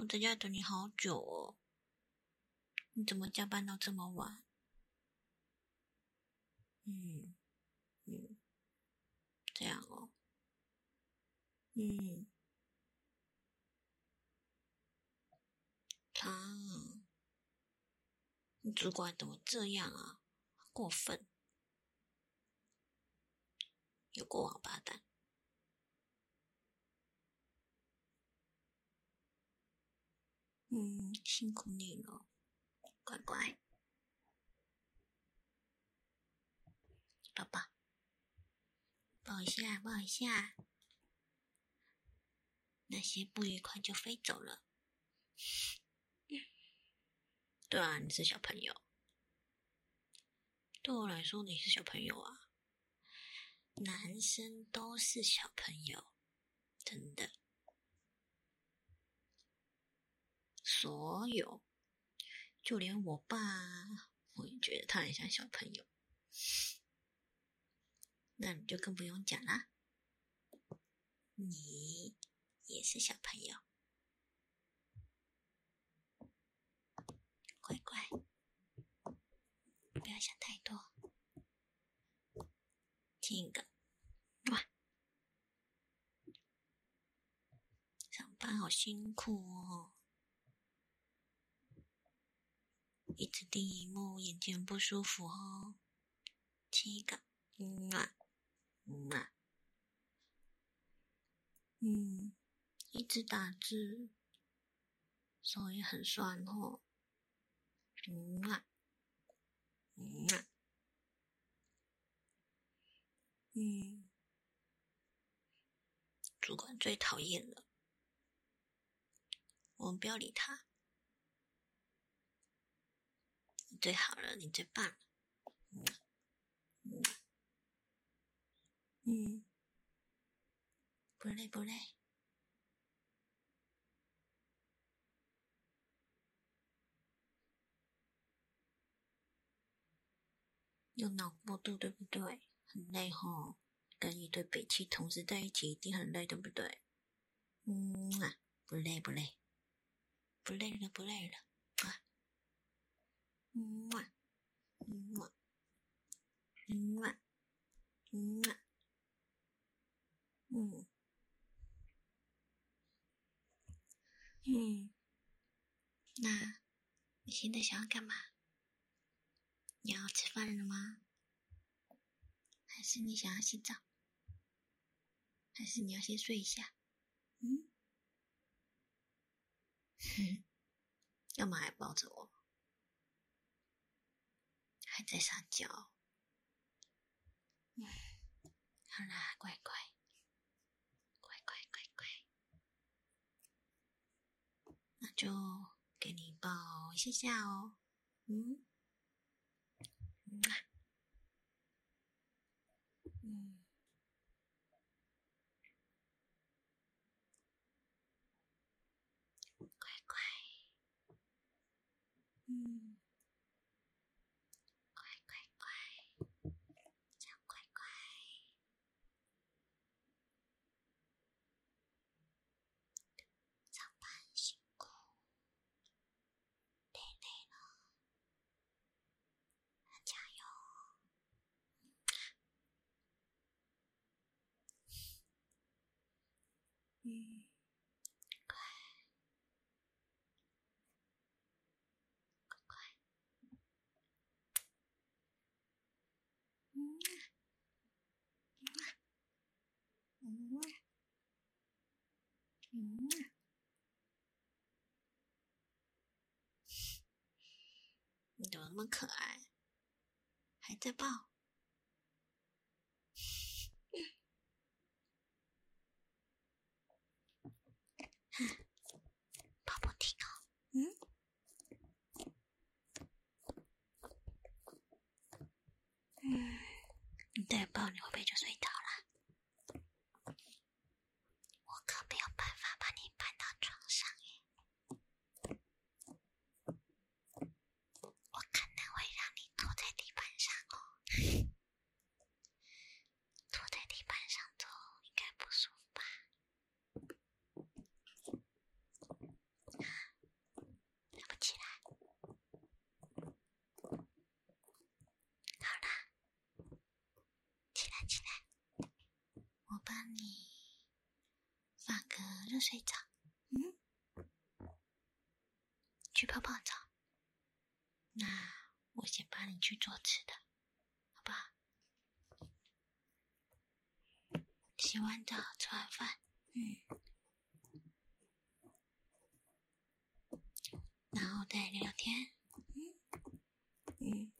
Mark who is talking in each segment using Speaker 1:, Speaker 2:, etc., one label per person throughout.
Speaker 1: 我在家等你好久哦，你怎麼加班到這麼晚？嗯，嗯，這樣哦，嗯，他，你主管怎麼這樣啊？過分，有個王八蛋。嗯，辛苦你了，乖乖，抱抱。抱一下，抱一下，那些不愉快就飛走了。 對啊，你是小朋友，對我來說你是小朋友啊，男生都是小朋友，真的。所有，就連我爸，我也覺得他很像小朋友。那你就更不用講啦，你也是小朋友，乖乖，不要想太多，親一個，哇，上班好辛苦哦。一直盯螢幕，眼睛不舒服哦。親一個，嗯嘛，嗯嘛，嗯，一直打字，所以很酸哦。嗯嘛，嗯嘛，嗯。主管最討厭了，我們不要理他。最好了，你最棒了。嗯，嗯，不累不累。用腦過度，對不對？很累吼，跟一對北七同事在一起，一定很累，對不對？嗯，不累不累，不累了不累了。啊嗯。麼嗯。麼嗯嗯，嗯，嗯，嗯，那你現在想要幹嘛？你要吃飯了嗎？還是你想要洗澡？還是你要先睡一下？嗯，哼，幹嘛還抱着我？在上腳，嗯，好啦，乖乖，乖乖乖乖，那就給你抱一下下哦，嗯，嗯，乖乖，嗯。嗯，乖，乖乖，嗯，嗯，嗯，嗯，你怎麼那麼可愛？還在抱？睡着，嗯，去泡泡澡。那我先幫你去做吃的，好不好？洗完澡，吃完飯，嗯，然後再聊天，嗯，嗯。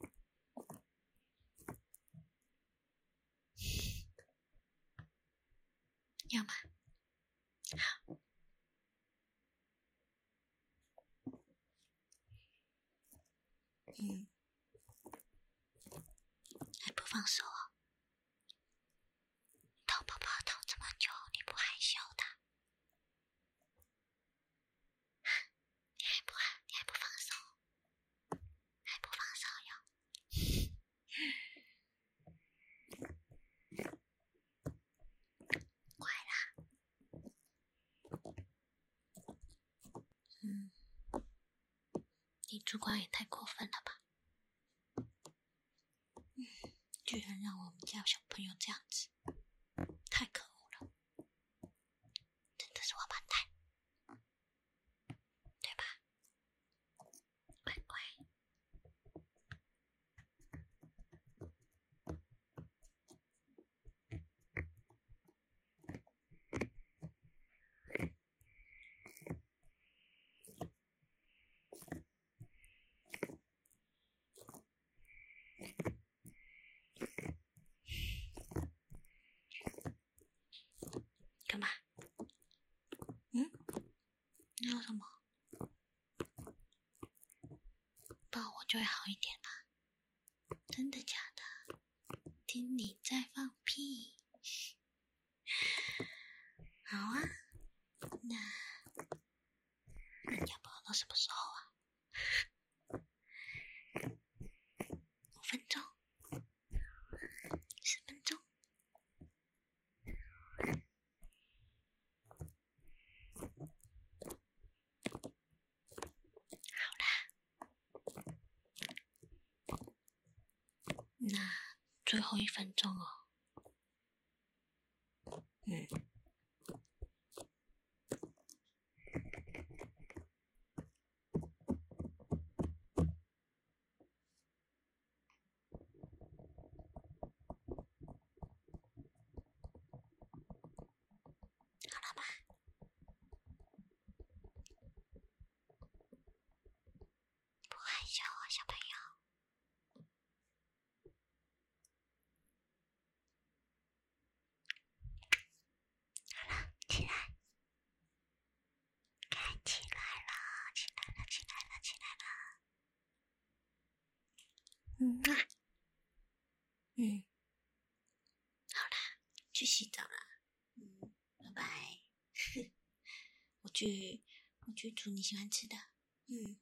Speaker 1: 主管也太過分了吧！嗯，居然讓我們家小朋友這樣子，太可惡了，真的是王八蛋。那麼，抱我就會好一點吧？真的假的？聽你在放屁！好啊，那，那你要抱到什麼時候啊？那最後一分鐘哦，嗯。嗯，好啦，去洗澡啦，嗯，拜拜，哼，我去，我去煮你喜歡吃的，嗯，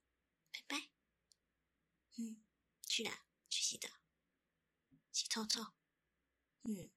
Speaker 1: 拜拜，嗯，去啦，去洗澡，洗臭臭，嗯。